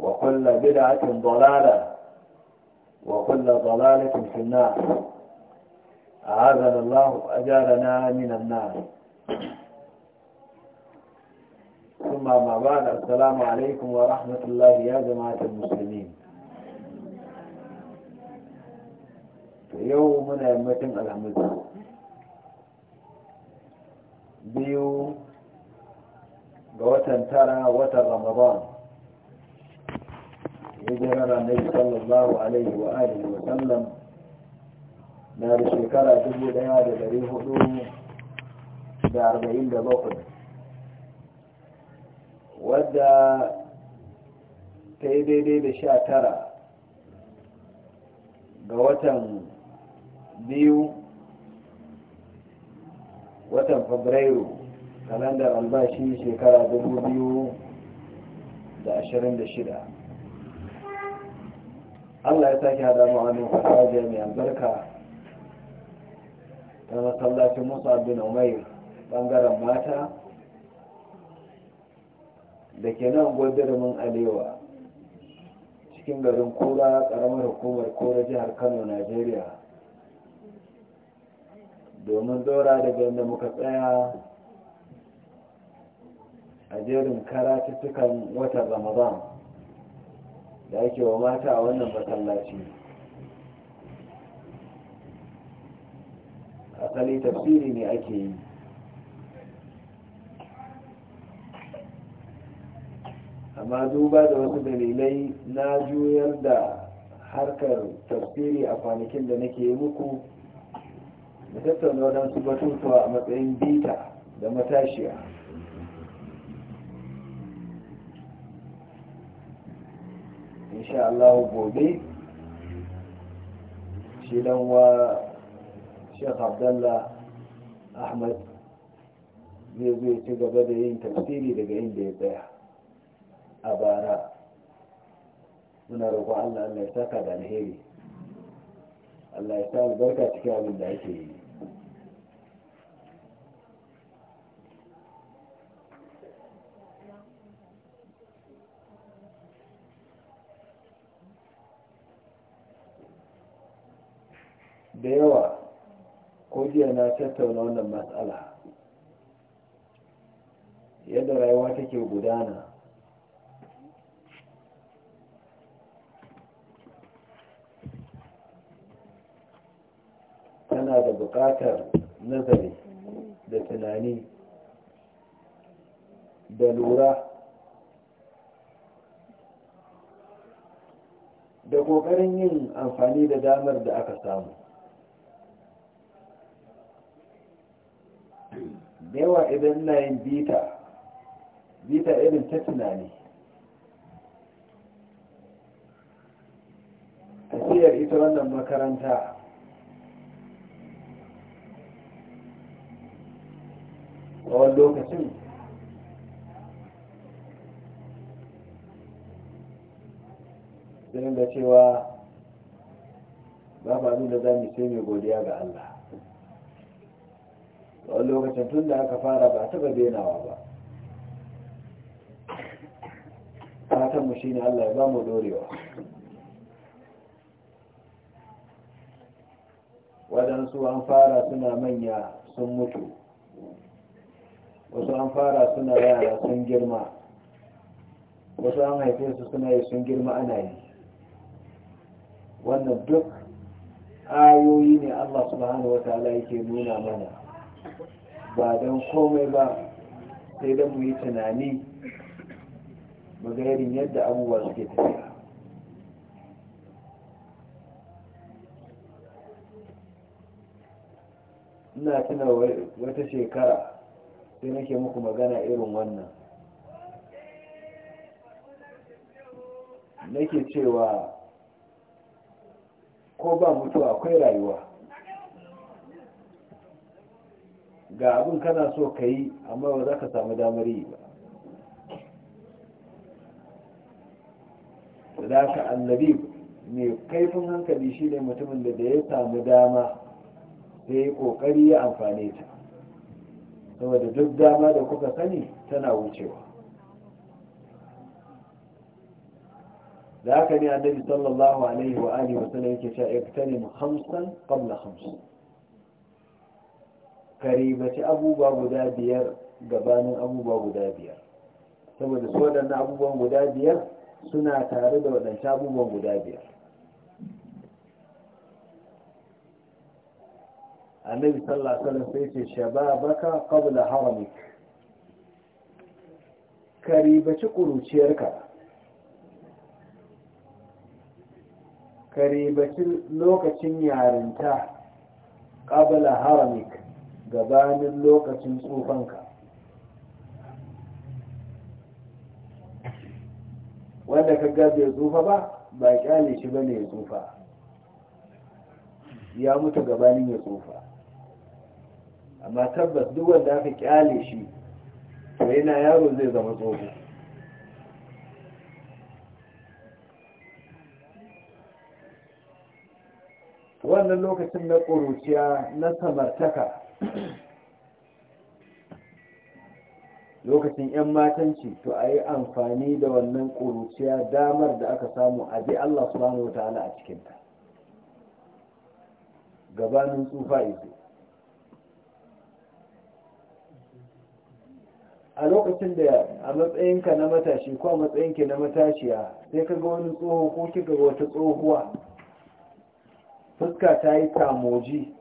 وكل بدعة ضلالة وكل ضلالة في النار أعاذنا الله أجارنا من النار ثم ما بعد السلام عليكم ورحمة الله يا جماعة المسلمين يومنا يمتن الحمد بيو ga ترى tara رمضان hijirar annabi sallallahu alaihi wa alihi wa sallam na da shekara dubu daya da dari hudu da arba'in da bakwai wadda ta yi daidai da sha tara ga watan biyu watan fabrairu kalandar albashi shekara dubu biyu da ashirin da shida Allah ya sake hada mu wani fasajiya mai albarka ta masallacin Musa bin Umair bangaren mata da ke nan gwadirumin Alewa cikin garin Kura karamar hukumar Kura jihar Kano Najeriya domin dora daga yadda muka tsaya a jerin karatuttukan watan Ramadan da ake wa mata a wannan masallaci asali tafsiri ne ake yi amma duba da wasu dalilai na juyar da harkar tafsiri a kwanakin da nake yi muku da tattauna waɗansu batutuwa a matsayin bita da matashiya insha Allah gobe shi dan wa Sheikh Abdullah Ahmad zai zai ci gaba da yin tafsiri daga inda ya tsaya a bara muna roƙon Allah Allah ya saka da alheri Allah ya sa albarka cikin abin da ake yi jiya na tattauna wannan matsala yadda rayuwa take gudana tana da buƙatar nazari da tunani da lura da ƙoƙarin yin amfani da damar da aka samu da yawa idan na yin bita bita irin ta tunani tafiyar ita wannan makaranta tsawon lokacin sai da cewa babu abin da za mu sai mai godiya ga Allah wani lokacin tun da aka fara ba taba benawa ba fatanmu shi ne allah ya ba mu dorewa waɗansu an fara suna manya sun mutu wasu an fara suna yara sun girma wasu an haife su suna yi sun girma ana yi wannan duk ayoyi ne allah subhanahu wa ta'ala yake nuna mana ba don komai ba sai don mu yi tunani magayarin yadda abubuwa suke tafiya ina tuna wata shekara sai nake muku magana irin wannan nake cewa ko ba mutuwa akwai rayuwa ga abin kana so ka yi amma ba za ka samu damar yi ba da ka annabi mai kaifin hankali shi ne mutumin da ya samu dama sai ya kokari ya amfane ta saboda duk dama da kuka sani tana wucewa da haka ne annabi sallallahu alaihi wa alihi yake sallam yake cewa iktanim khamsan qabla hamsin. ka ribaci abubuwa guda biyar gabanin abubuwa guda biyar saboda su waɗannan abubuwan guda biyar suna tare da waɗancan abubuwan guda biyar annabi sallallahu alaihi wasallam sai ce shababaka qabla haramik ka ribaci kuruciyarka ka ribaci lokacin yarinta qabla haramik gabanin lokacin tsufanka wanda ka gabe tsufa ba ba kyale shi bane ya tsufa ya mutu gabanin ya tsufa amma tabbas duk wanda aka kyale shi to yana yaro zai zama tsofa wannan lokacin na ƙuruciya na samartaka lokacin 'yan matanci to a yi amfani da wannan ƙuruciya damar da aka samu a bi Allah subhanahu wa ta'ala a cikinta gabanin tsufa izu a lokacin da a matsayinka na matashi ko a matsayinki na matashiya sai ka ga wani tsoho ko kika ga wata tsohuwa fuska ta yi kamoji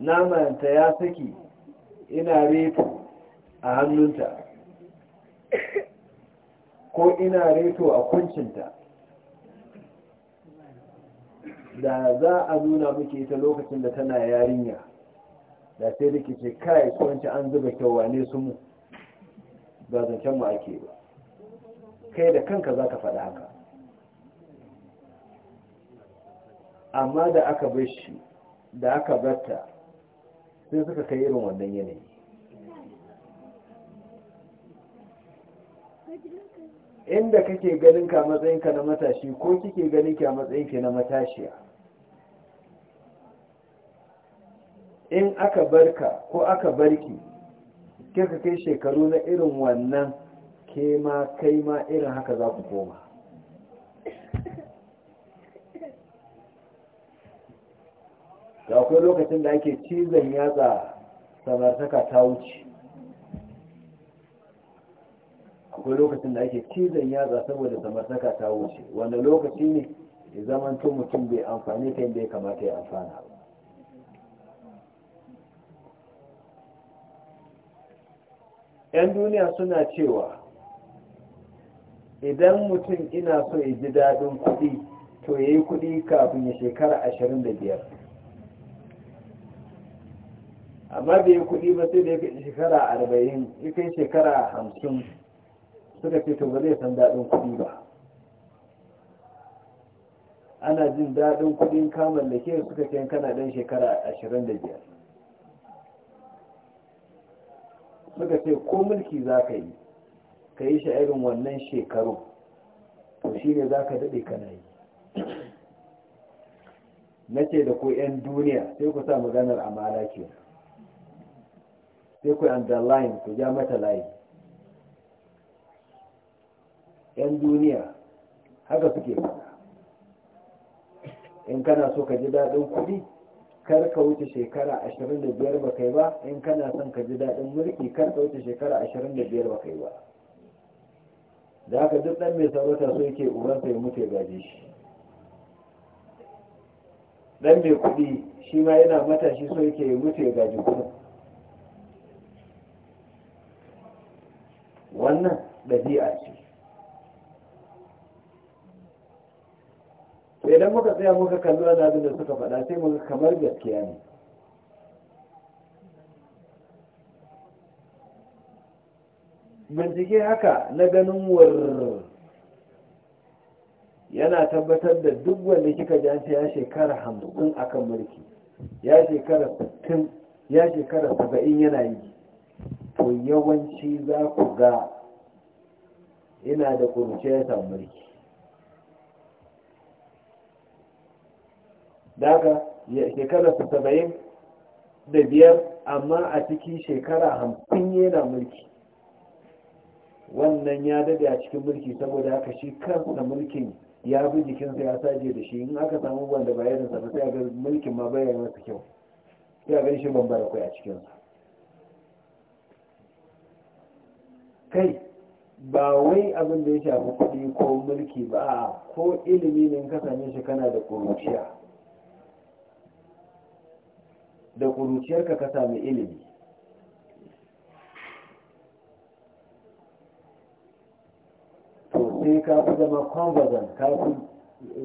namanta ya saki ina reto a hannunta ko ina reto a kuncinta da za a nuna muke ita lokacin da tana yarinya da sai da ke kai kwanci an zuba kyawa ne su mu ba zancen mu ake ba kai da kanka za ka faɗi haka amma da aka bashi da aka barta sai suka kai irin wannan yanayi inda kake ganin ka matsayinka na matashi ko kike ganin ka a na matashiya in aka barka ko aka barki kika kai shekaru na irin wannan ke kai ma irin haka za ku koma da akwai lokacin da ake cizon yatsa samartaka ta wuce akwai lokacin da ake cizon yatsa saboda samartaka ta wuce wanda lokaci ne ya tun mutum bai amfani ta yadda ya kamata ya amfana ba yan duniya suna cewa idan mutum ina so ya ji daɗin kuɗi to ya yi kuɗi kafin ya shekara ashirin da biyar amma bai yi kuɗi ba sai da ya kai shekara arba'in ya kai shekara hamsin suka ce to ba zai san daɗin kuɗi ba ana jin daɗin kuɗin ka mallake suka ce kana ɗan shekara ashirin da biyar suka ce ko mulki za ka yi ka yi shi irin wannan shekaru to shi ne za ka daɗe kana yi na ce da ko 'yan duniya sai ku sa maganar amala kenan sai ku underline ku ja mata layi yan duniya haka suke fada in kana so ka ji daɗin kuɗi kar ka wuce shekara ashirin da biyar ba kai ba in kana son ka ji daɗin mulki kar ka wuce shekara ashirin da biyar ba kai ba da haka duk ɗan mai sarauta so yake ubansa ya mutu ya gaji shi ɗan mai kuɗi shi ma yana matashi so yake ya mutu ya gaji kuɗin wannan ɗabi'a ce sai idan muka tsaya muka kalli wani abin da suka faɗa sai muka kamar gaskiya ne bincike haka na ganin war yana tabbatar da duk wanda kika ji ya shekara hamsin akan mulki ya shekara sittin ya shekara saba'in yana yi to yawanci za ku ga ina da kurce ya samu mulki daga shekara su saba'in da biyar amma a ciki shekara hamsin yana mulki wannan ya daɗe a cikin mulki saboda aka shi kansa mulkin ya bi jikinsa ya saje da shi in aka samu wanda ba irinsa ba sai ga mulkin ma bayan masa kyau sai ganin shi bambara kai a cikinsa kai ba wai abin da ya shafi kuɗi ko mulki ba ko ilimi ne kasance shi kana da ƙuruciya da ƙuruciyarka ka sami ilimi to sai ka fi zama conversant ka fi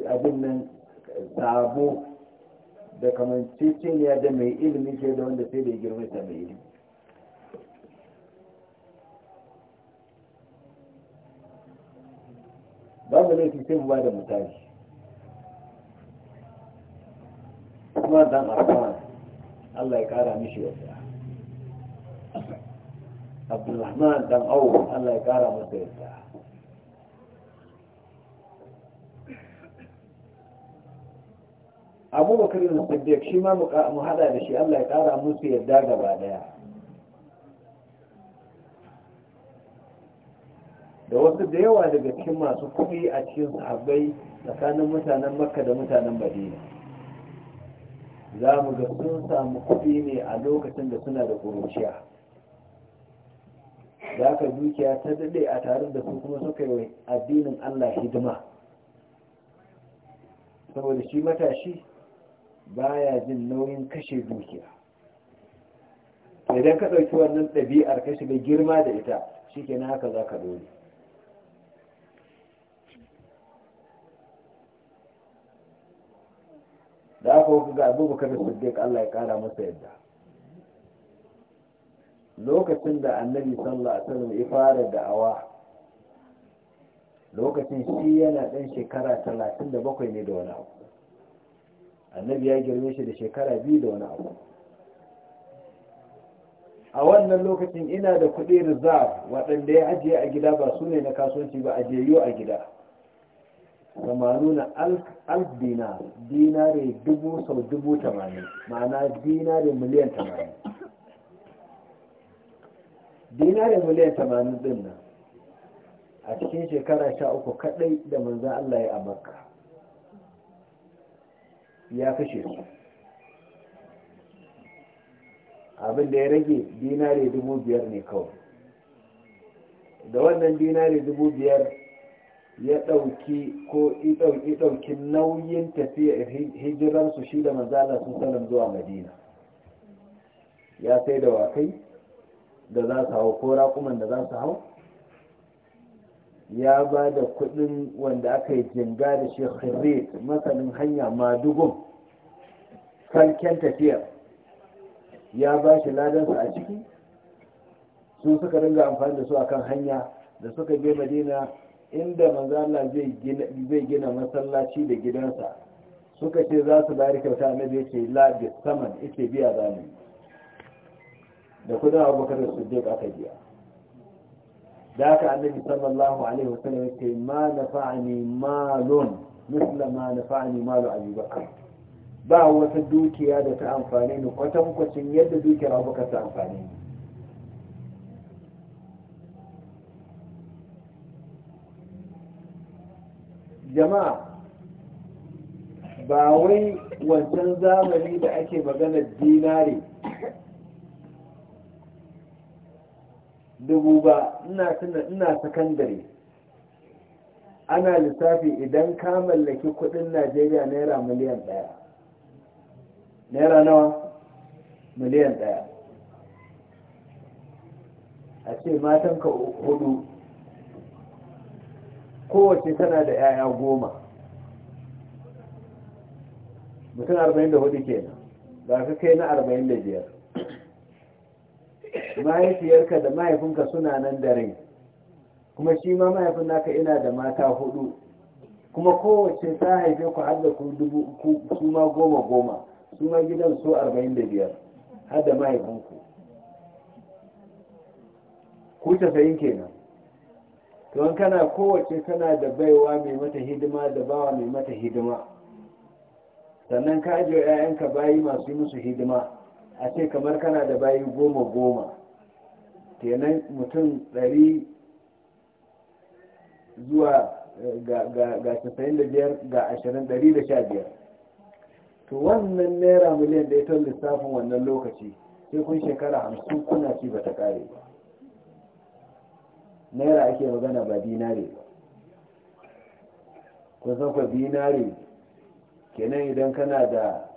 abin nan sabo da kamanceceniya da mai ilimi ke da wanda sai da girma ta mai ilimi babu laifi sai mu ba da misali kuma dan arfan Allah ya kara mishi yadda Abdulrahman dan Awu Allah ya kara masa yadda Abu Bakar Siddiq shi ma mu hada da shi Allah ya kara musu yadda gaba daya da wasu da yawa daga cikin masu kuɗi a cikin sahabbai tsakanin mutanen makka da mutanen madina za mu ga sun samu kuɗi ne a lokacin da suna da ƙuruciya za ka dukiya ta daɗe a tare da su kuma suka yi addinin allah hidima saboda shi matashi baya jin nauyin kashe dukiya idan ka ɗauki wannan ɗabi'ar ka shiga girma da ita shi ke haka za ka dole da aka wuka ga abubakar da siddiq Allah ya kara masa yadda lokacin da annabi sallallahu alaihi wasallam ya fara da'awa lokacin shi yana dan shekara 37 ne da wani abu annabi ya girme shi da shekara biyu da wani abu a wannan lokacin ina da kuɗi rizab waɗanda ya ajiye a gida ba su ne na kasuwanci ba ajiyayyo a gida tamanuna alf dinar dinare dubu sau dubu tamanin ma'ana dinare miliyan tamanin dinare miliyan tamanin din nan a cikin shekara sha uku kaɗai da manzan Allah ya amurka ya kashe su abin da ya rage dinare dubu biyar ne kawai da wannan dinare dubu biyar ya ɗauki ko ɗauki nauyin tafiya hijiransu shi da manzana sun salam zuwa madina ya sai da wakai da za su hau ko raƙuman da za su hau ya ba da kudin wanda aka yi jinga da shi khirrit masanin hanya ma madugun kyan tafiyar ya ba shi ladansa a ciki su suka ringa amfani da su akan hanya da suka je madina inda manzo Allah zai gina masallaci da gidansa suka ce za su bayar kyauta da yake la saman yake biya zamu da kudin abubakar da ka aka biya da aka annabi sallallahu alaihi wasallam yake ma nafa'ani malun misla ma nafa'ani malu abi bakr ba wata dukiya da ta amfani ni kwatankwacin yadda dukiyar abubakar ta amfani ni jama'a ba wai wancan zamani da ake magana dinare dubu ba ina sakandare ana lissafi idan ka mallaki kudin najeriya naira miliyan daya naira nawa miliyan daya a ce matanka hudu kowace tana da 'ya'ya goma mutum 44 kenan ba ka kai na 45 mahaifiyarka da mahaifinka suna nan da rai kuma shi ma mahaifin naka ina da mata hudu kuma kowace ta haife ku har da ku dubu su ma goma goma su ma gidan su 45 har da mahaifinku ku tafayin kenan don kana kowace kana da baiwa mai mata hidima da bawa mai mata hidima sannan ka ajiye ‘ya'yanka bayi masu yi musu hidima a ce kamar kana da bayi goma goma kenan mutum ɗari zuwa eh, ga casa'in da biyar ga ashirin ɗari da sha biyar to wannan naira miliyan da ya lissafin wannan lokaci sai kun shekara hamsin kuna ci ba ta ƙare ba naira ake magana ba dinare ba kun san kwa dinare kenan idan kana da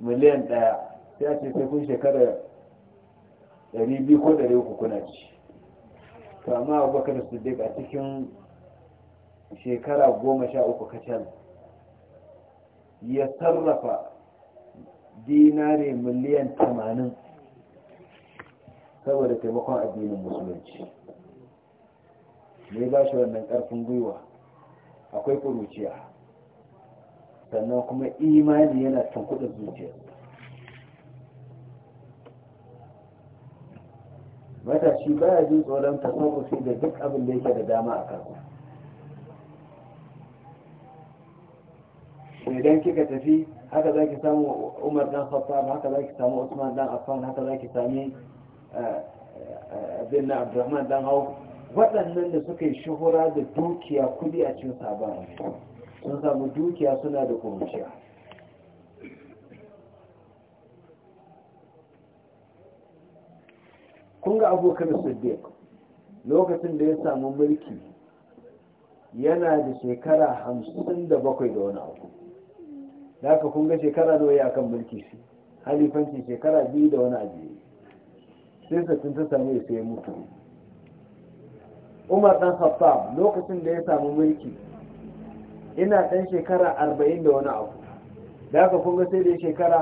miliyan ɗaya sai a ce sai kun shekara 200 ko 300 kuna ci to amma abubakar siddiq a cikin shekara 13 sha uku kacal ya sarrafa dinare miliyan 80 saboda taimakon addinin musulunci mai ba shi wannan karfin gwiwa akwai kuruciya sannan kuma imani yana kudin zuciya matashi ya jin tsoron tasarrufi da duk abin da yake da dama a kansa idan kika tafi haka za ki samu umar dan haka za ki samu usman dan affan haka za ki sami abin na abdurrahman dan hau waɗannan da suka yi shuhura da dukiya kudi a cikin sabon sun samu dukiya suna da kuruciya kun ga abokan siddiq lokacin da ya samu mulki yana da shekara hamsin da bakwai da wani abu da aka kunga shekara nawa ya kan mulki shi halifanci shekara biyu da wani abu sai sattin ta samu ya sai mutu umar dan khattab lokacin da ya samu mulki ina dan shekara arba'in da wani abu da aka kuma sai da ya shekara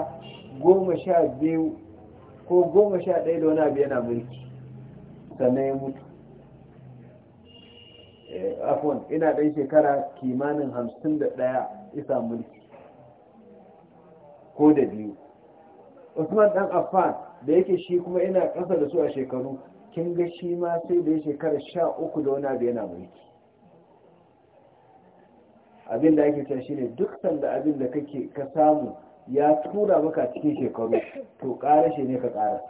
goma sha biyu ko goma sha ɗaya da wani abu yana mulki sannan ya mutu eh, afon ina ɗan shekara kimanin hamsin da ɗaya isa mulki ko da biyu usman ɗan affan da yake shi kuma ina ƙasa da su a shekaru kin ga shi ma sai da ya shekara sha uku da wani abu yana mulki abin da ake shi ne duk sanda abin da kake ka samu ya tura maka cikin shekaru to ƙara shi ne ka ƙara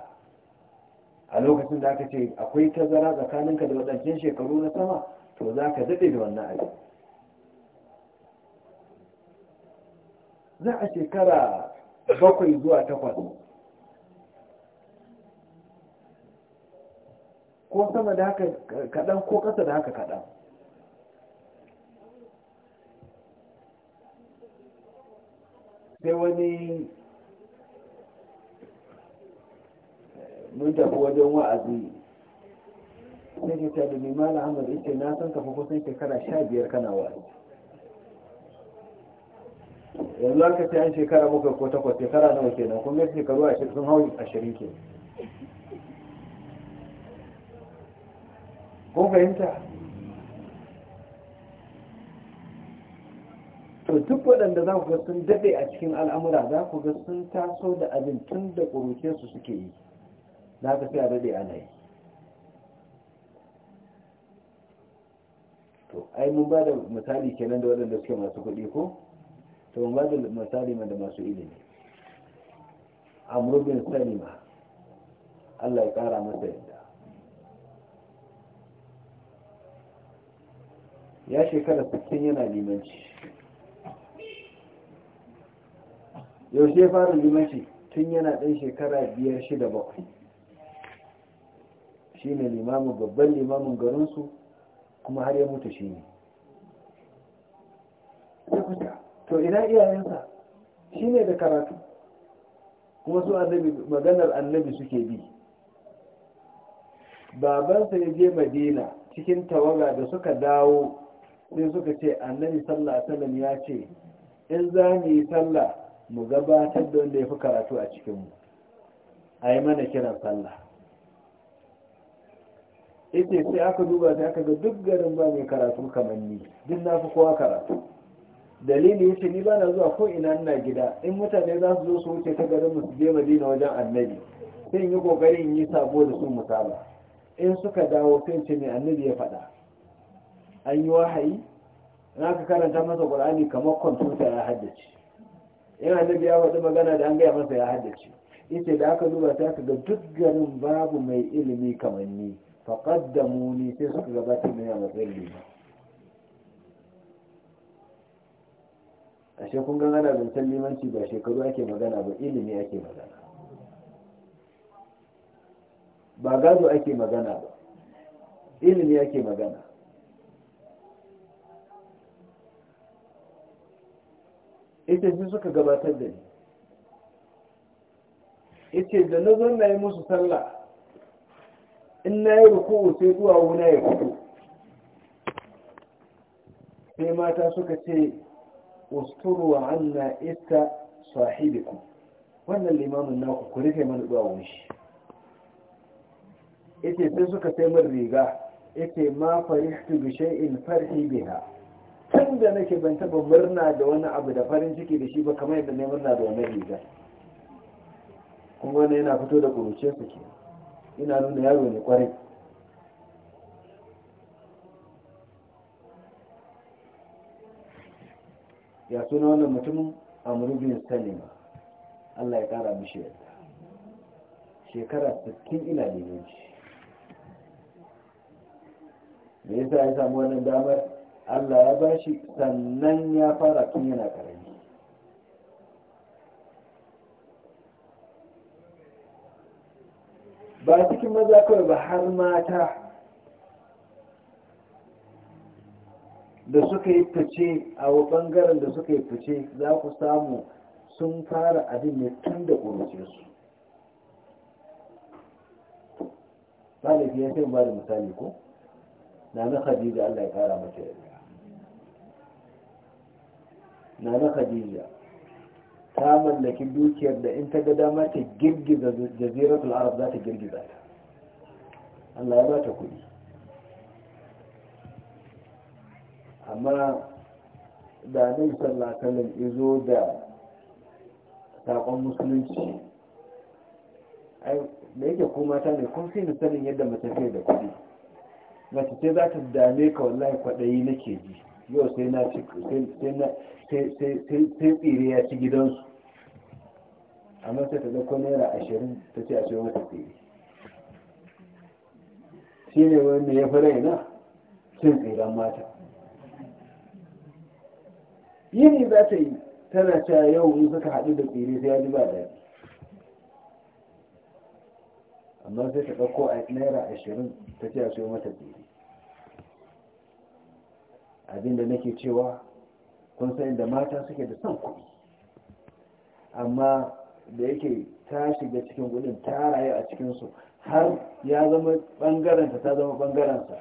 a lokacin da aka ce akwai tazara tsakaninka da waɗancan shekaru na sama to za ka daɗe da wannan abin za a shekara bakwai zuwa takwas ko sama da haka kaɗan ko ƙasa da haka kaɗan sai wani eh, mun tafi wajen wa'azi sai ke ta dumi mala hamar ita na san kafa kusan shekara sha biyar kana wa'azi yanzu an ka ta yan shekara muka ko takwas shekara nawa kenan kuma shekaru a sun hau ashirin kenan kun fahimta to duk waɗanda za ku ga sun daɗe a cikin al'amura za ku ga sun taso da abin tun da ƙuruce su suke yi za ka fi a daɗe ana yi to ai mun ba da misali kenan da waɗanda suke masu kuɗi ko to mun ba da misali da masu ilimi amurbin bin salima Allah ya ƙara masa yadda ya shekara 60 yana limanci yaushe fara limanci tun yana ɗan shekara biyar shida bakwai shi ne limamin babban limamin garinsu kuma har ya mutu shi ne to ina iyayensa shi ne da karatu kuma su annabi maganar annabi suke bi babansa ya je madina cikin tawaga da suka dawo sai suka ce annabi sallah sallam ya ce in za mu yi sallah mu gabatar da wanda ya fi karatu a cikinmu a yi mana kiran sallah ita sai aka duba sai aka ga duk garin ba mai karatu kamar ni duk na fi kowa karatu dalili ya ce ni ba na zuwa ko ina ina gida in mutane za su zo su wuce ta garin su je madina wajen annabi sai yi kokarin yi sabo da su musala in suka dawo sai ce mai annabi ya faɗa an yi wahayi na ka karanta masa ƙulani kamar kwamfuta ya haddace yana da ya faɗi magana da an gaya masa ya haddace ita da aka duba ta ka ga duk garin babu mai ilimi kamar ni da ni sai suka mai a matsayin tsalli a shekun gangana da san limanci ba shekaru ake magana ba ilimi ake magana ba gado ake magana ba ilimi ake magana ita sun suka gabatar da ni ita da na zo na yi musu sallah in na yi ruku'u sai zuwa wuna ya fito sai mata suka ce usturu wa anna ita sahibikum wannan limamin naku ku rufe mana zuwa wunshi ita sai suka sai min riga ita ma farihtu bi shay'in farhi biha tun da nake ban taba murna da wani abu da farin ciki da shi ba kamar yadda na murna da wani riga kuma wani yana fito da kuruce su ke ina nuna yaro ne kwarai ya suna wannan mutumin amuru bin salima allah ya kara mishi yadda shekara 60 ina yanci da yasa ya samu wannan damar Allah ya bashi sannan ya fara tun yana karami ba cikin maza kawai ba har mata da suka yi fice a bangaren da suka yi fice za ku samu sun fara abin ne tun da ƙuruciyarsu ɗalibi ya sai ba da misali ko na na khadija Allah ya kara mata yadda na na khadija ta mallaki dukiyar da in ta ga dama ta girgiza jaziratul arab za ta girgiza ta Allah ya ba ta kuɗi amma da nan sallakalin izo da takon musulunci da yake kuma ta ne kun fi sanin yadda mace da kuɗi mace ce za ta dame ka wallahi kwadayi nake ji yau sai na ci sai tsire ya ci gidansu amma sai ta zako naira ashirin ta ce a wata tsire shi ne wanda ya fi raina cin tsiran mata yini za ta yi tana cewa yau in suka haɗu da tsiri sai ya ji ba daɗi amma sai ta ɗauko a naira ashirin ta ce a mata tsiri abinda nake cewa kun san inda mata suke da son kuɗi amma da yake ta shiga cikin kuɗin ta rayu a cikinsu har ya zama ɓangaranta ta zama ɓangaransa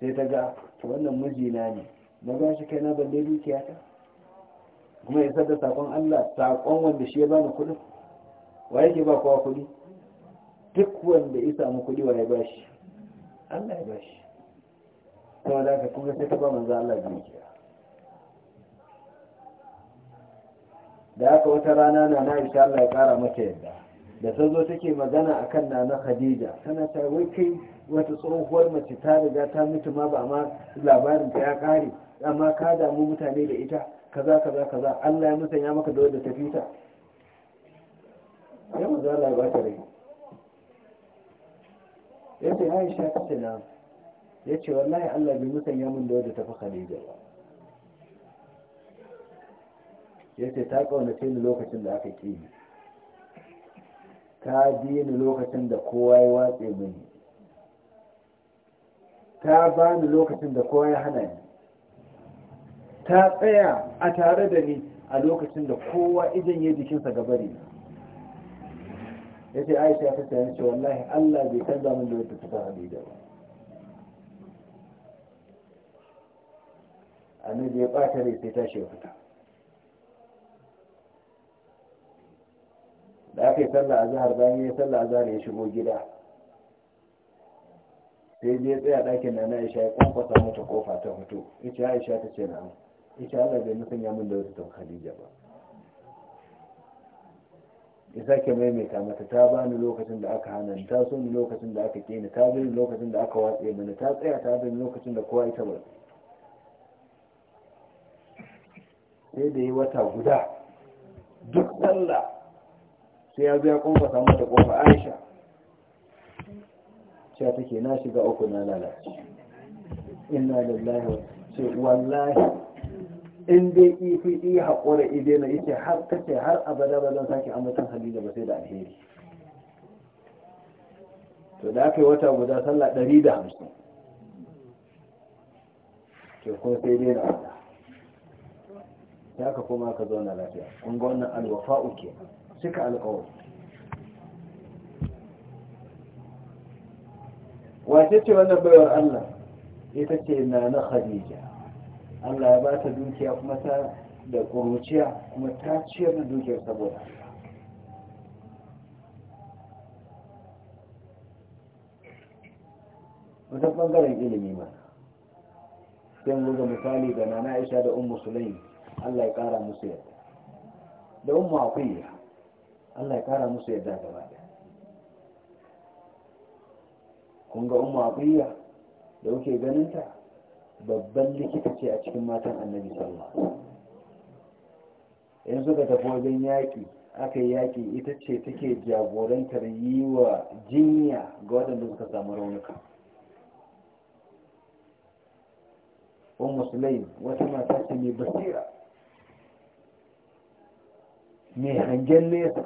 sai ta ga wannan mijina ne na ba shi kai na balle dukiya ta kuma ya da sakon Allah sakon wanda shi ya bani kuɗin wa yake ba kowa kuɗi duk wanda ya samu kuɗi wa ya ba shi Allah ya ba shi kuma da ka kuma sai ta ba manzo Allah dukiya da aka wata rana na na insha Allah ya kara mata yadda da ta zo take magana akan nana Khadija tana ta wai kai wata tsohuwar mace ta riga ta mutu ma ba ma labarin ta ya kare amma ka damu mutane da ita kaza kaza kaza Allah ya musanya maka da wadda ta fita ya manzo Allah ya ba ta rai yadda Aisha ta ce na ya ce wallahi Allah bai musanya mun da wadda ta fi Khadija ba ya ce ta kaunace ni lokacin da aka ƙi ni ta bi ni lokacin da kowa ya watse mini ta ba ni lokacin da kowa ya hana ni ta tsaya a tare da ni a lokacin da kowa idan ya jikinsa gaba ne. ya ce aisha ta tsaye ce wallahi Allah bai canza min da wadda ta fi Khadija ba annabi ya bata ne sai tashi ya fita da aka yi sallah a zahar bayan ya sallah a zahar ya shigo gida sai ya tsaya ɗakin na na isha ya kwakwasa mata kofa ta fito ita aisha ta ce na ita allah bai nufin ya min da wata tun khadija ba ya sake maimaita mata ta bani lokacin da aka hana ta so ni lokacin da aka kene, ta bani lokacin da aka watse mani ta tsaya ta bani lokacin da kowa ita ba sai da yi wata guda duk sallah sai ya zo ya kofa samu da kofa aisha cewa take na shiga uku na lalace ina da lillahi ce wallahi in dai ifi yi haƙura ide na ita har kace har abada ba zan sake ambaton halila ba sai da alheri to da aka yi wata guda sallah ɗari da hamsin ke kuma sai dai na wata ya ka koma ka zauna lafiya kun ga wannan alwafa uke suka alƙawar wace ce wannan baiwar Allah ita ce na na Khadija Allah ya bata ta dukiya kuma ta da ƙuruciya kuma ta ciyar da dukiyar saboda wata ɓangaren ilimi ma sai mu ga misali da nana Aisha da Ummu Sulaim Allah ya kara musu yadda da umma aqiya Allah ya kara musu yadda gaba da kun ga umma kuyya da kuke ganinta? ta babban likita ce a cikin matan annabi sallallahu alaihi wasallam yanzu da tafi wajen yaƙi aka yi yaƙi ita ce take jagorantar yi wa jinya ga waɗanda suka samu raunuka un musulai wata mata ce mai basira Me hangen nesa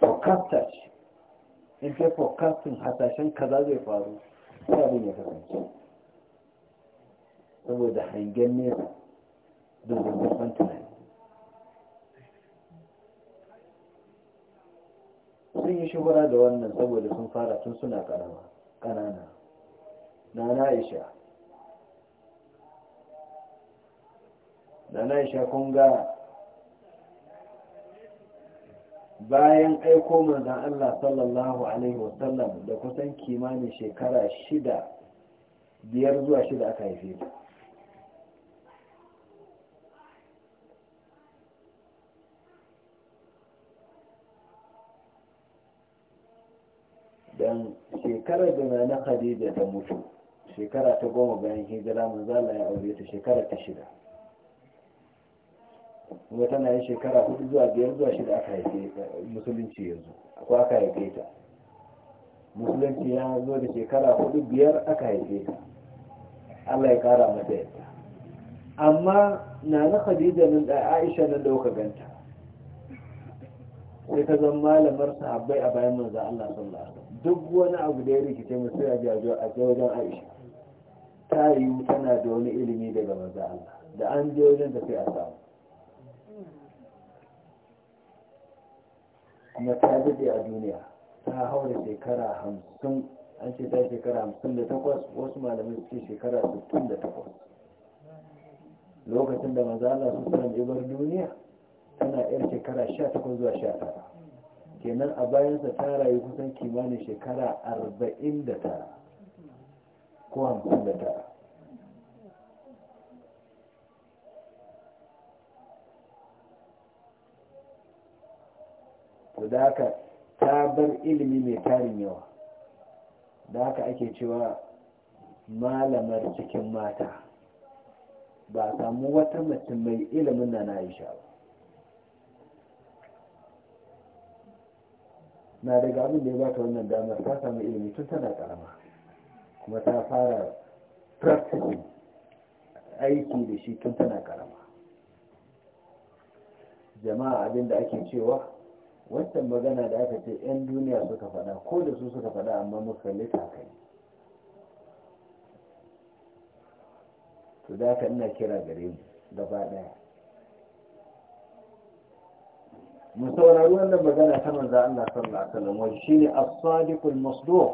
forecastar in ta forecasting hasashen kaza zai faru sai abin ya kasance saboda hangen nesa da zazzafan tunani sun yi shubara da wannan saboda sun fara tun suna ƙanana na na aisha da na sha bayan aiko manzan Allah sallallahu Alaihi wasallam da kusan kimanin shekara shida biyar zuwa shida aka haife ta don shekarar da na khadija ta mutu shekara ta goma bayan hijira manzala ya aure ta shekara ta shida kuma tana yin shekara hudu zuwa biyar zuwa shida aka haife musulunci yanzu ko aka haife ta musulunci ya zo da shekara hudu biyar aka haife ta Allah ya kara mata yadda amma na na khadija nan da aisha nan da kuka ganta sai ta zama malamar sahabbai a bayan manzo Allah sallallahu alaihi wasallam duk wani abu da ya rikice mu sai a jajo a wajen aisha ta yi tana da wani ilimi daga manzo Allah da an je wajen ta sai a samu kuma ta daɗe a duniya ta da shekara hamsin an ce ta shekara hamsin da takwas wasu malamai suke shekara sittin da takwas lokacin da maza Allah su suna jibar duniya tana yar shekara sha takwas zuwa sha tara kenan a bayansa ta rayu kusan kimanin shekara arba'in da tara ko hamsin da tara da haka ta bar ilimi mai tarin yawa da haka ake cewa malamar cikin mata ba a samu wata mace mai ilimin na aisha ba na daga abin da ya bata wannan damar ta samu ilimi tun tana karama kuma ta fara practicing aiki da shi tun tana karama jama'a abin da ake cewa wancan magana da aka ce 'yan duniya suka faɗa ko da su suka faɗa amma musulmi ta kai to da ka ina kira gare mu gaba ɗaya mu saurari wannan magana ta manzo Allah sallallahu alaihi wasallam wani shine as-sadiqul masduq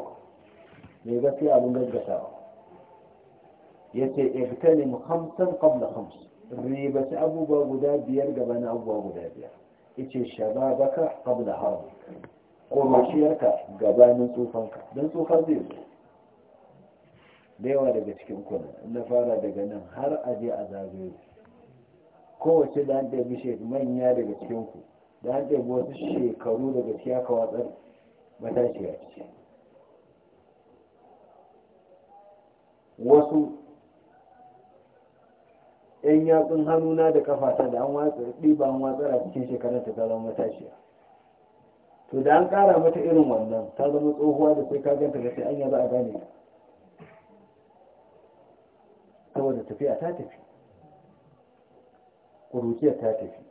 ne gaskiya abin gaggatawa yace ihtanim khamsan qabla khams riba ta abubuwa guda biyar gaba na abubuwa guda biyar yace shababaka qabla harbi ƙuruciyarka gabanin tsufanka don tsufan zai zo da yawa daga cikin kuna na fara daga nan har a je a zagaye kowace da an ɗabi shekaru manya daga cikinku da an ɗabi wasu shekaru daga cikin aka watsar matashiya ce wasu yan yatsun hannuna da kafata da an watsa ɗiba an watsa a cikin shekarar ta zama matashiya to da an ƙara mata irin wannan ta zama tsohuwa da sai kagen ganta da sai an za a gane ta saboda tafiya ta tafi ƙuruciyar ta tafi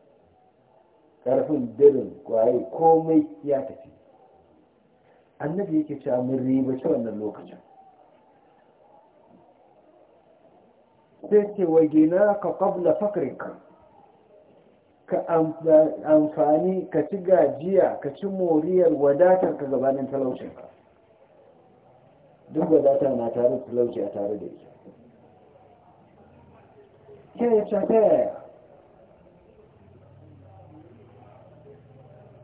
ƙarfin dirin kwaye komai ya tafi annabi yake cewa mun riba ci wannan lokacin sai ce wa gina ka kabla fakrik ka amfani ka ci gajiya ka ci moriyar wadatar ka gabanin talaucinka duk wadata na tare talauci a tare da ita ya ce ta yaya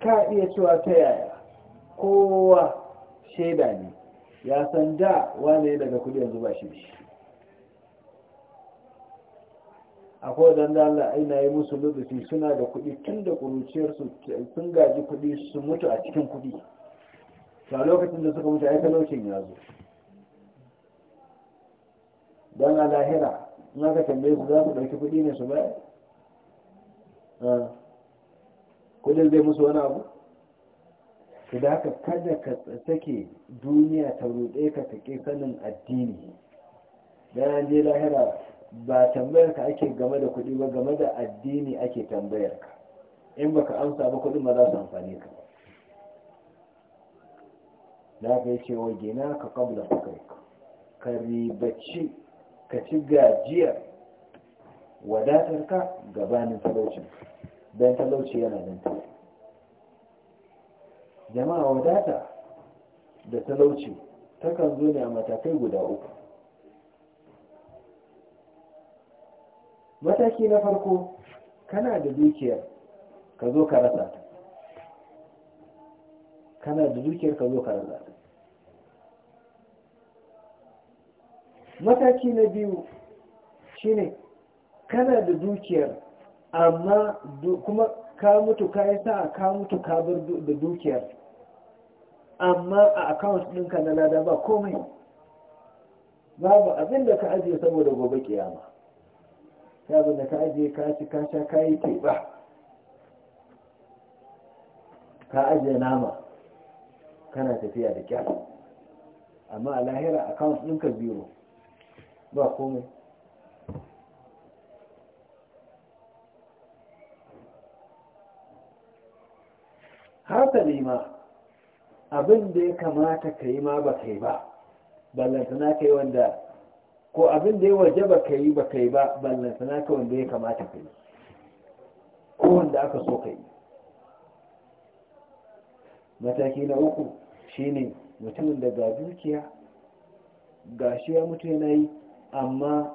ka iya cewa ta yaya kowa shaida ne ya san da wane daga kudin yanzu ba shi bishi akwai wadanda Allah aina yi musu lubusi suna da kuɗi tun da ƙuruciyarsu sun gaji kuɗi su mutu a cikin kuɗi a lokacin da suka mutu ai laukin ya zo don a lahira in ka tambaye su za su ɗauki kuɗi ne su bayar kuɗin zai musu wani abu su da ka kada ka sake duniya ta ruɗe ka ka sanin addini bayan je lahira ba tambayarka ka ake game da kuɗi ba game da addini ake tambayar ka in baka amsa ba kuɗin ba za su amfani ka na ka yi cewa gina ka kabla kai, ka ribaci ka ci gajiyar wadatar ka gabanin talaucin don talauci yana nan ta jama'a wadata da talauci takan zo ne a matakai guda uku mataki na farko kana da dukiyar ka zo ka rasa ta kana da dukiyar ka zo ka rasa ta mataki na biyu shine kana da dukiyar amma kuma ka mutu ka yi sa'a ka mutu ka bar da dukiyar amma a account ɗinka na lada ba komai babu abin da ka ajiye saboda gobe kiyama yaro da ka ajiye ka ci ka sha ka yi ka ajiye nama kana tafiya da kyau, amma a lahira account ɗinka biro ba komai har ne abin da ya kamata ka yi ma ba ka yi ba ballantana ka yi wanda ko abin da ya waje ba ka yi ba ka yi ba ballan sana ka wanda ya kamata ka yi ko wanda aka so ka yi mataki na uku shine mutumin da ga dukiya ga shi ya mutu yana yi amma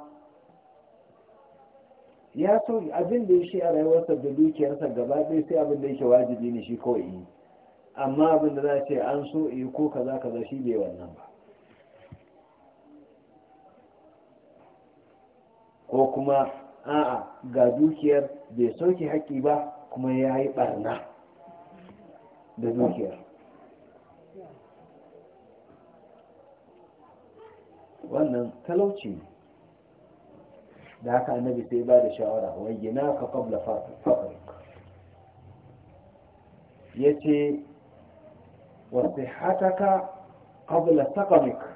ya so abin da ya shi a rayuwarsa da dukiyarsa gaba ɗaya sai abin da yake wajibi ne shi kawai yi amma abin da za a ce an so yi ko kaza kaza shi bai wannan ba ko kuma a'a ga dukiyar bai sauke haƙƙi ba kuma ya yi ɓarna da dukiyar wannan talauci da haka annabi sai ba da shawara wai gina ka kabla fafari ya ce wasu hataka kabla sakamik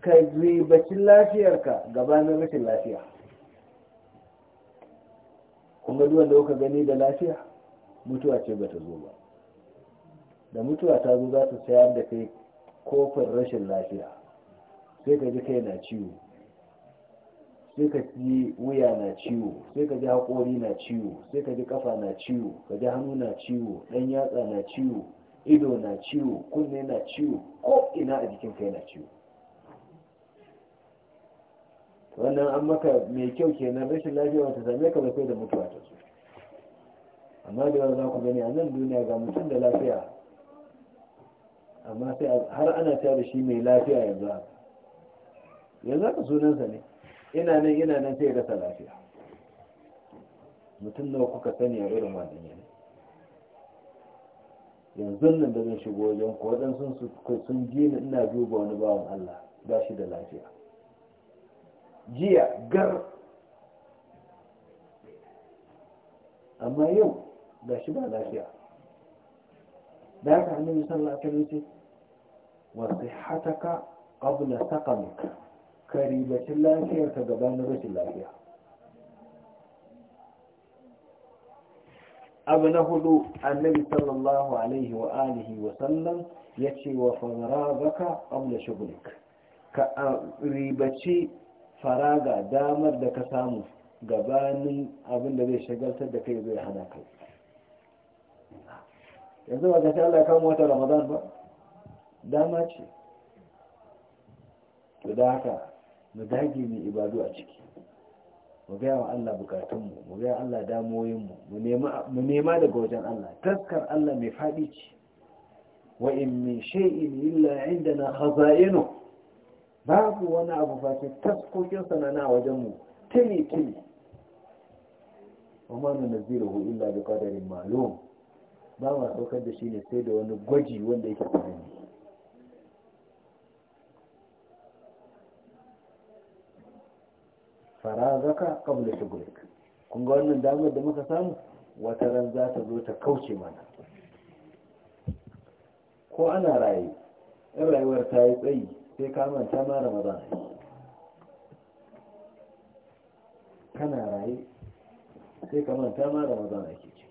ka ribaci lafiyarka gabanin rashin lafiya kuma duwan da kuka gani da lafiya mutuwa ce ba ta zo ba da mutuwa ta zo za ta sayar da kai kofar rashin lafiya sai ka ji kai na ciwo sai ka ji wuya na ciwo sai ka ji haƙori na ciwo sai ka ji ƙafa na ciwo ka ji hannu na ciwo ɗan yatsa na ciwo ido na ciwo kunne na ciwo ko ina a jikin kai na ciwo wannan an maka mai kyau kenan rashin lafiya wata same ka bakwai da mutuwa ta su amma da yawa za ku gani a nan duniya ga mutum da lafiya amma sai har ana ta da shi mai lafiya yanzu yanzu aka sunansa ne ina nan ina nan sai rasa lafiya mutum nawa kuka sani a irin wannan yanzu? yanzu nan da zan shigo wajen ko waɗansu sun gina ina duba wani bawan Allah ba shi da lafiya jiya gar amma yau ga shi ba lafiya da haka hannun sallah ta ce wasu hataka abula sakamika ka ribacin lafiyarka gabanin rashin lafiya abu na hudu annabi sallallahu alaihi wa alihi wa sallam ya ce wa fara baka abula shugulik ka ribaci faraga damar da ka samu gabanin abin da zai shagaltar da kai zai hana kai yanzu ba ka Allah kan wata ramadan ba dama ce to da haka mu dage mu ibadu a ciki mu gaya wa Allah bukatunmu mu gaya Allah damoyin mu mu nema daga wajen Allah taskar Allah mai faɗi ce wa in min shay'in illa indana khaza'inu babu wani abu face taskokin sanana wajen wajenmu tili tili amma na hu illa da qadarin malo ba ma saukar da shi ne sai da wani gwaji wanda yake tsanani farazaka qabla shughlik kun ga wannan damar da muka samu wata ran za ta zo ta kauce mana ko ana raye in rayuwar ta yi tsayi sai ka manta ma ramadan kana raye sai ka manta ma ramadan ake ce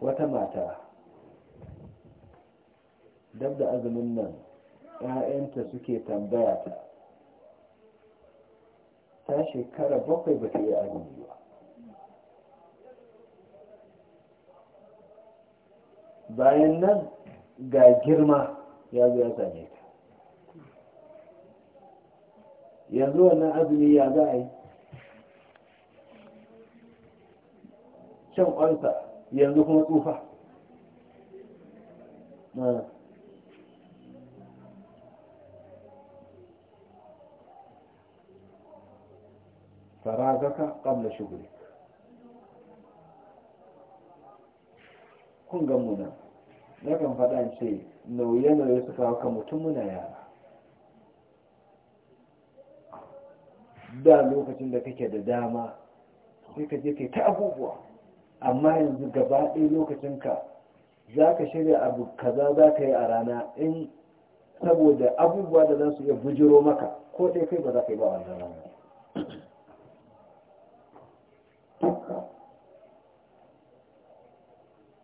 wata mata dab da azumin nan ‘ya'yanta suke tambaya ta ta shekara bakwai ba ta yi azumi ba bayan nan ga girma ya zo ya same ta yanzu wannan azumi ya za a yi shan ƙwansa, yanzu kuma tsufa faragaka ƙabla shuguri kun gamu na kan faɗa ce nauye-nauye suka haka mutum muna yara da lokacin da kake da dama sai ka je kai ta abubuwa amma yanzu gaba ɗaya lokacin ka za ka shirya abu kaza za ka yi a rana in saboda abubuwa da za su iya bujiro maka ko ɗai kai ba za ka yi ba a rana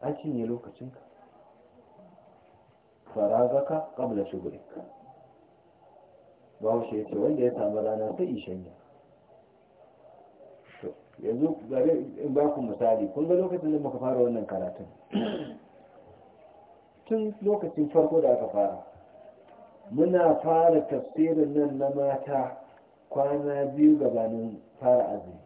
an cinye lokacinka farazaka kabla shuguri bawo shi yace wanda ya samu rana sai ishanya to yanzu gare in ba ku misali kun ga lokacin da muka fara wannan karatun tun lokacin farko da aka fara muna fara tafsirin nan na mata kwana biyu gabanin fara azumi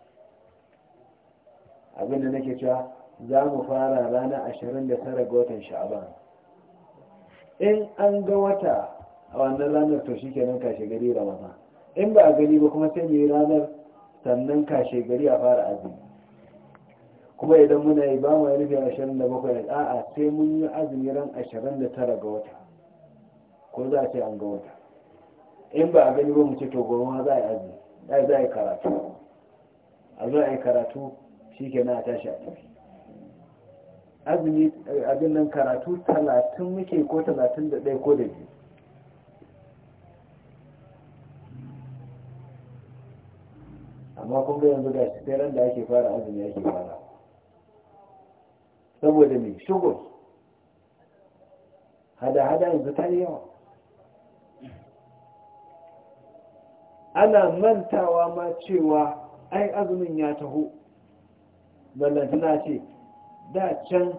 abinda nake cewa za mu fara ranar 29 ga watan sha'aban in an ga wata a wannan ranar to shi kenan kashe gari ramadan in ba a gani ba kuma sai mai ranar sannan kashe gari a fara azumi kuma idan muna yi ba mu rufe ashirin da bakwai a'a sai mun yi azumi ran ashirin da tara ga wata ko za a ce an ga wata in ba a gani ba mu ce to goma ma za a yi azumi za a yi karatu a zo a yi karatu shi kenan a tashi a tafi azumi abin nan karatu talatin muke ko talatin da ɗaya ko da biyu amma kun ga yanzu ga shi ran da ake fara azumi ake fara saboda mai shigo hada-hada yanzu ta yi yawa ana mantawa ma cewa ai azumin ya taho ballantana ce da can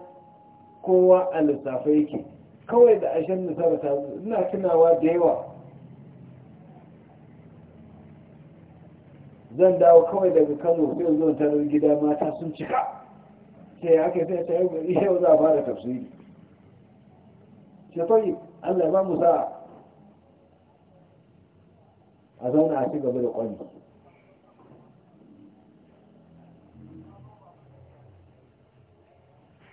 kowa a lissafai yake kawai da ashen nasara ta ina tunawa da yawa zan dawo kawai daga kano sai zuwa tarar gida mata sun cika sai aka sai ta yau za a fara tafsiri shekwai allah ba mu sa a zauna a ci gaba da kwanci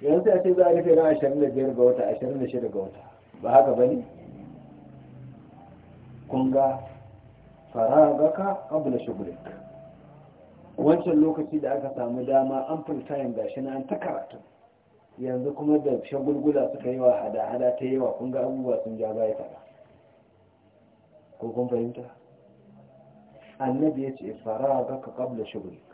yanzu sai a ce za a rufe ran ashirin da biyar ga wata ashirin da shida ga wata ba haka ba ne kun ga faragaka abula shughlik wancan lokaci da aka samu dama an furta yin gashi na an ta karatu yanzu kuma da shagulgula suka yi wa hada-hada ta yi kun ga abubuwa sun ja bayi fara ko kun fahimta annabi ya ce faragaka abula shughlik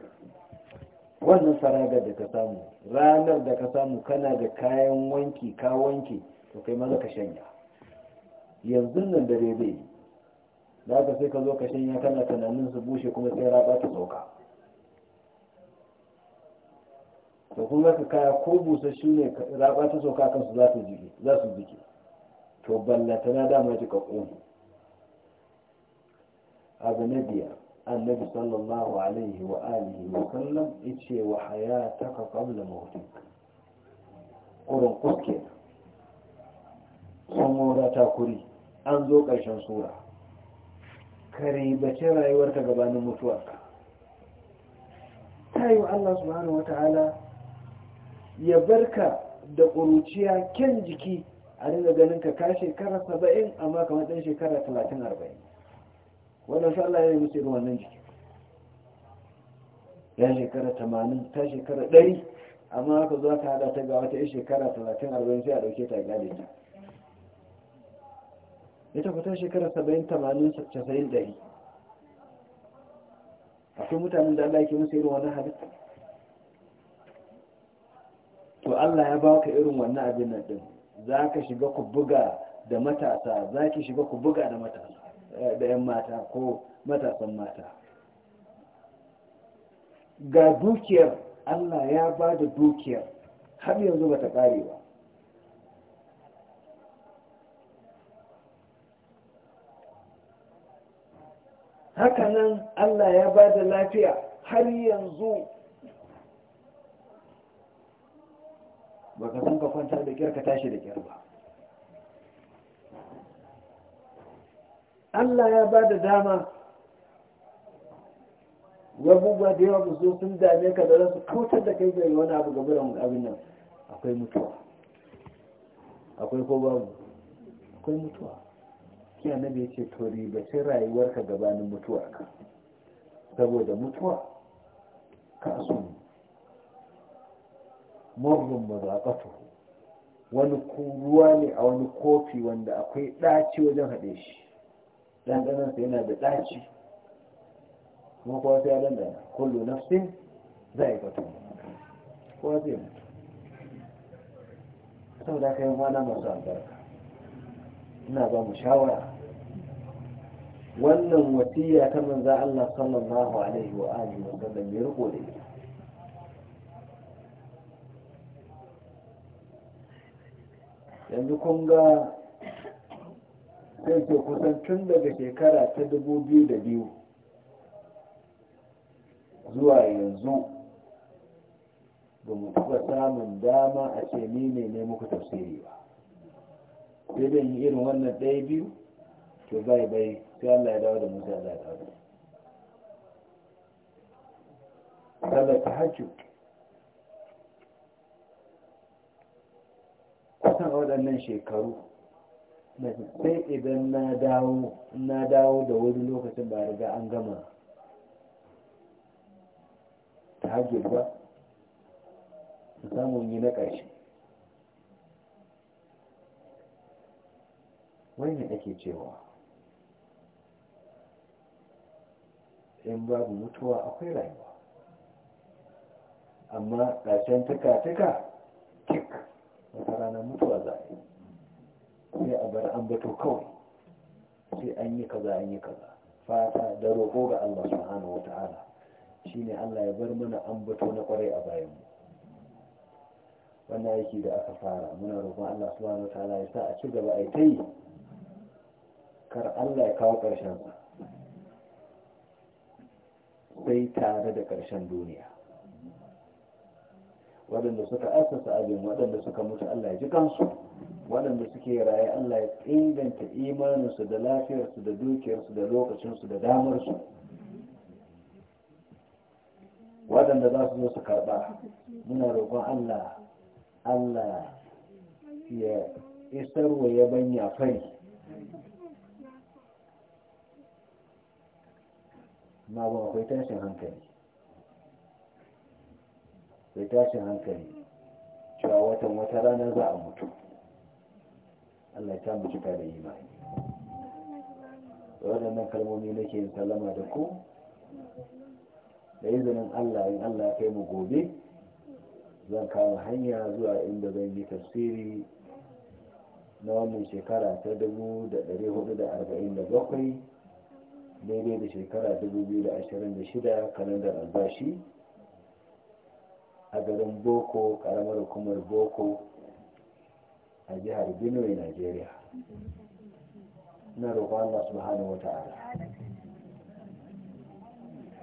wannan saragar da ka samu ranar da ka samu kana da kayan wanki ka wanke to kai maza ka shanya yanzu nan dare zai da ka sai ka zo ka shanya kana tunanin su bushe kuma sai raba ta sauka to kun ka kaya ko busasshu ne raba ta sauka kansu za su jike za su jike to na dama jika abu na biyar annabi sallallahu alaihi wa alihi wa sallam yace wa hayataka qabla mawtik kurun kuske sun mura ta kuri an zo ƙarshen sura karibace rayuwarka gabanin mutuwarka ta yi Allah subhanahu wa ta'ala ya barka da ƙuruciya kyan jiki a dinga ganin ka ka shekara saba'in amma kamar ɗan shekara talatin arba'in wannan sallah ya yi wuce irin wannan jiki ya shekara 80 ta shekara 100 amma aka zuwa ta hada ta ga wata shekara 30 40 sai a dauke ta gane ta ita kuta shekara 70 80 90 100 akwai mutanen da Allah ke musu irin wannan halitta to Allah ya baka irin wannan abin nan din zaka shiga ku buga da matasa zaki shiga ku buga da matasa Eh, da 'yan mata ko matasan mata ga dukiyar Allah ya ba da dukiyar har yanzu ba ta ƙare ba hakanan Allah ya ba da lafiya har yanzu ba san ka kwanta da kyar ka tashi da kyar ba Allah ya ba da dama buga da yawa ba sun dame ka da za su kautar da kai zai wani abu game da abin nan akwai mutuwa akwai ko babu akwai mutuwa shi annabi ya ce to ribaci rayuwarka gabanin mutuwa ka saboda mutuwa ka asu murrin mazaƙatu wani ruwa ne a wani kofi wanda akwai ɗaci wajen haɗe shi dandanan sa yana da ɗaci kuma kowa sai ya dandana kullu nafsi za a yi fata kowa zai mutu saboda aka yi kwana masu albarka ina ba mu shawara wannan wasiya ta manzo Allah sallallahu alaihi wa alihi wa sallam ya riko da ita yanzu kun ga sai ce kusan tun daga shekara ta dubu biyu da biyu zuwa yanzu ba mu taba samun dama a ce ni ne ne muku tafsiri ba sai dai yi irin wannan ɗaya biyu to bai bai sai Allah ya dawo da musa Allah ya dawo da sallar hajju kusan waɗannan shekaru sai idan na dawo na dawo da wani lokacin ba riga an gama ta hajji ba samun yi na ƙarshe wani ake cewa in babu mutuwa akwai rayuwa amma ƙarshen tuka-tuka kik wata rana mutuwa za a yi sai a bar an bato kawai sai an yi kaza an yi kaza fata da roƙo ga Allah subhanahu wata'ala shine Allah ya bar mana an bato na kwarai a bayan mu wannan aiki da aka fara muna roƙon Allah subhanahu wata'ala ya sa a ci gaba a ta yi kar Allah ya kawo ƙarshen sa sai tare da ƙarshen duniya waɗanda suka asasa abin waɗanda suka mutu Allah ya ji kansu waɗanda suke raye Allah ya inganta imaninsu da lafiyarsu da dukiyarsu da lokacinsu da damarsu waɗanda za su zo su karɓa muna roƙon Allah Allah ya isarwa ya banya fari ma ba akwai tashin hankali da tashin hankali cewa watan wata rana za a mutu Allah ya samu cika da imani waɗannan kalmomi nake yin sallama da ku da izinin Allah in Allah ya kai mu gobe zan kawo hanya zuwa inda zan yi tafsiri na wannan shekara ta 1447 daidai da shekara 2026 kalandar albashi a garin boko karamar hukumar boko a jihar benue nigeria na roƙon allah subhanahu wa ta'ala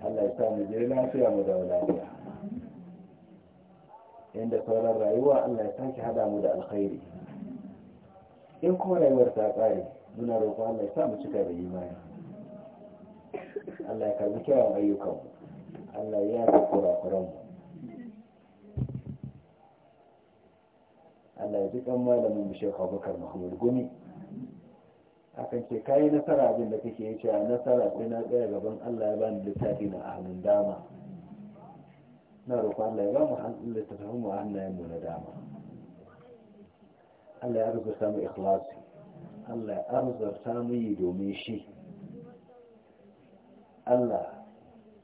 allah ya sa mu je lafiya mu da lafiya inda sauran rayuwa allah ya sake hada mu da alkhairi in kuma rayuwar ta tsari, muna roƙon allah ya sa mu cika da imani allah ya karbi kyawun ayyukanmu allah ya fi kurakuranmu Allah ya ji kan malamin shekwa bakar mahmud gumi a kan ce kayi nasara abin da kake yi cewa nasara sai na tsaya gaban Allah ya bani littafi na ahalin dama na roƙo Allah ya ba mu hannun littafin mu hannayen mu na dama Allah ya arzuta mu ikhlasi Allah ya arzurta mu yi domin shi Allah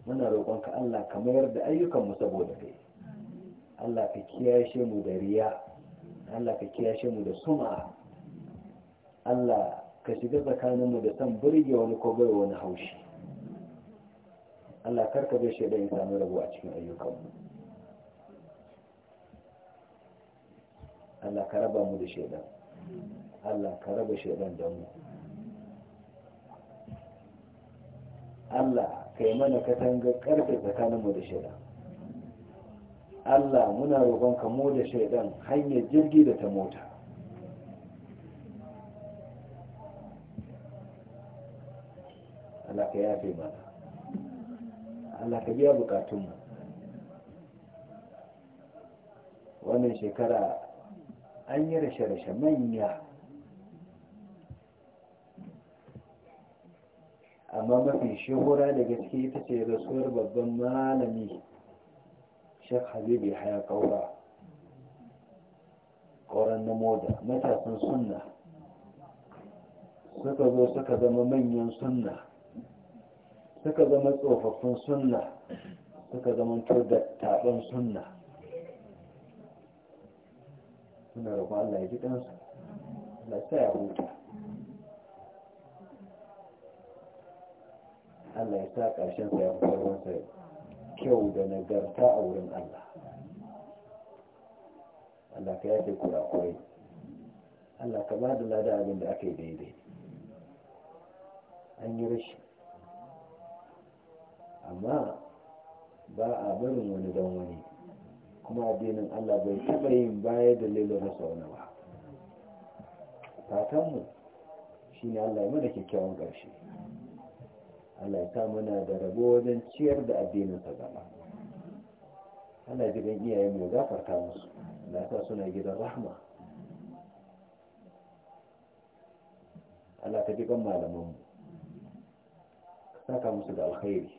muna ka Allah ka mayar da ayyukanmu saboda kai Allah ka kiyashe mu da riya Allah ka kiyashe mu da suma Allah ka shiga mu da san burge wani ko bai wani haushi Allah karka bai shaidan ya samu rabu a cikin ayyukanmu Allah ka raba mu da shaidan Allah ka raba shaidan da mu Allah ka yi mana katanga karfe mu da shaidan Allah muna roƙon ka mu da shaidan hanyar jirgi da ta mota Allah ka yafe mana Allah ka biya bukatunmu wannan shekara an yi rashe-rashe manya amma mafi shahura da gaske ita ce rasuwar babban malami shek Habibu ya haya ƙaura, kauran na moda matasan sunna suka zo suka zama manyan sunna suka zama tsofaffin sunna suka zama da taɓon sunna suna roƙon Allah ya ji ɗansu Allah ya ya huta Allah ya sa ƙarshen sa ya fi ƙarfin sa kyau da nagarta a wurin Allah Allah ka kura-kura kurakurai Allah ka ba da lada abin da aka yi daidai an yi rashi amma ba a barin wani don wani kuma addinin Allah bai taɓa yin baya da dalilin na wani ba fatanmu shi ne Allah ya mana kyakkyawan ƙarshe Allah muna da rabo wajen ciyar da addinin sa gaba Allah ji gan iyayen mu gafarta musu Allah sa suna gidan rahma Allah ta ji gan malaman mu saka musu da alkhairi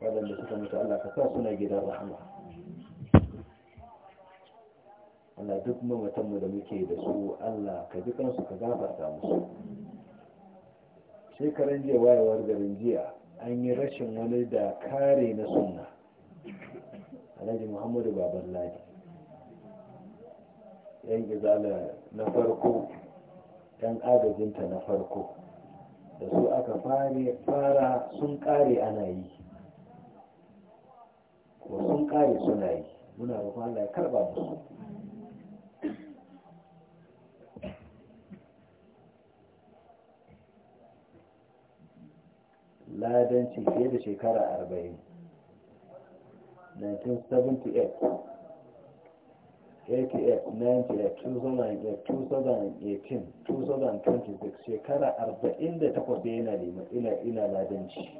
waɗanda suka mutu Allah ka sa suna gidan rahma Allah duk mamatanmu da muke da su Allah ka ji kansu ka gafarta musu shekaran jiya wayewar garin jiya an yi rashin wani da kare na sunna alhaji muhammadu baban ladi yan gizala na farko yan agajinta na farko da su aka fara sun kare ana yi ko sun kare suna yi muna roƙon Allah ya karba musu ladanci fiye da shekara arba'in 1978 88 da 2018 2026 shekara yana nema ina ina ladanci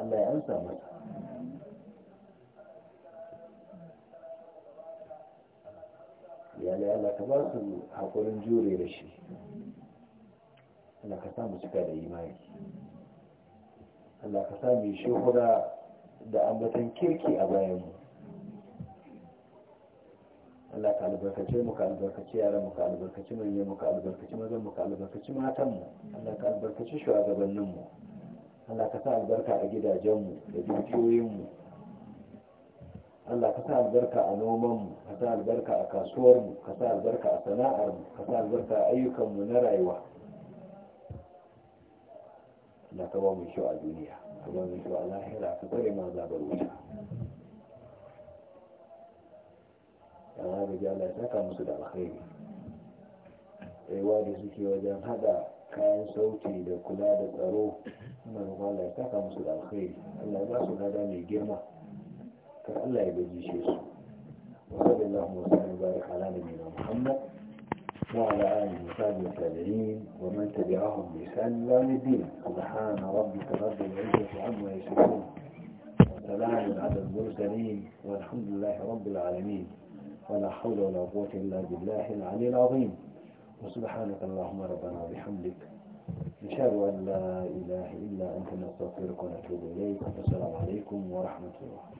Allah ya amsa mata ya Allah ka ba su haƙurin jure da shi Allah ka samu cika da imani Allah ka samu hura da ambatan kirki a bayanmu Allah ka albarkace mu ka albarkace yaran mu ka albarkace manyan mu ka albarkace mazan mu ka albarkace matan mu Allah ka albarkace shugabannin mu Allah ka sa albarka a gidajen mu da dukiyoyin mu Allah ka sa albarka a noman mu ka sa albarka a kasuwar mu ka sa albarka a sana'ar mu ka sa albarka a ayyukan mu na rayuwa Allah ka ba mu kyau a duniya ka ba mu kyau a lahira ka maza mu azabar wuta ya haka ji Allah ya saka musu da alkhairi eh, da suke wajen hada kayan sauti da kula da tsaro suna da ya saka musu da alkhairi Allah ba su gada mai girma kar Allah ya gaji shi su wa sallallahu wa sallam baraka Muhammad وعلى آله وصحبه التابعين ومن تبعهم بإحسان إلى يوم الدين سبحان ربك رب العزة عما يصفون وسلام على المرسلين والحمد لله رب العالمين ولا حول ولا قوة إلا بالله العلي العظيم وسبحانك اللهم ربنا وبحمدك نشهد أن لا إله إلا أنت نستغفرك ونتوب إليك والسلام عليكم ورحمة الله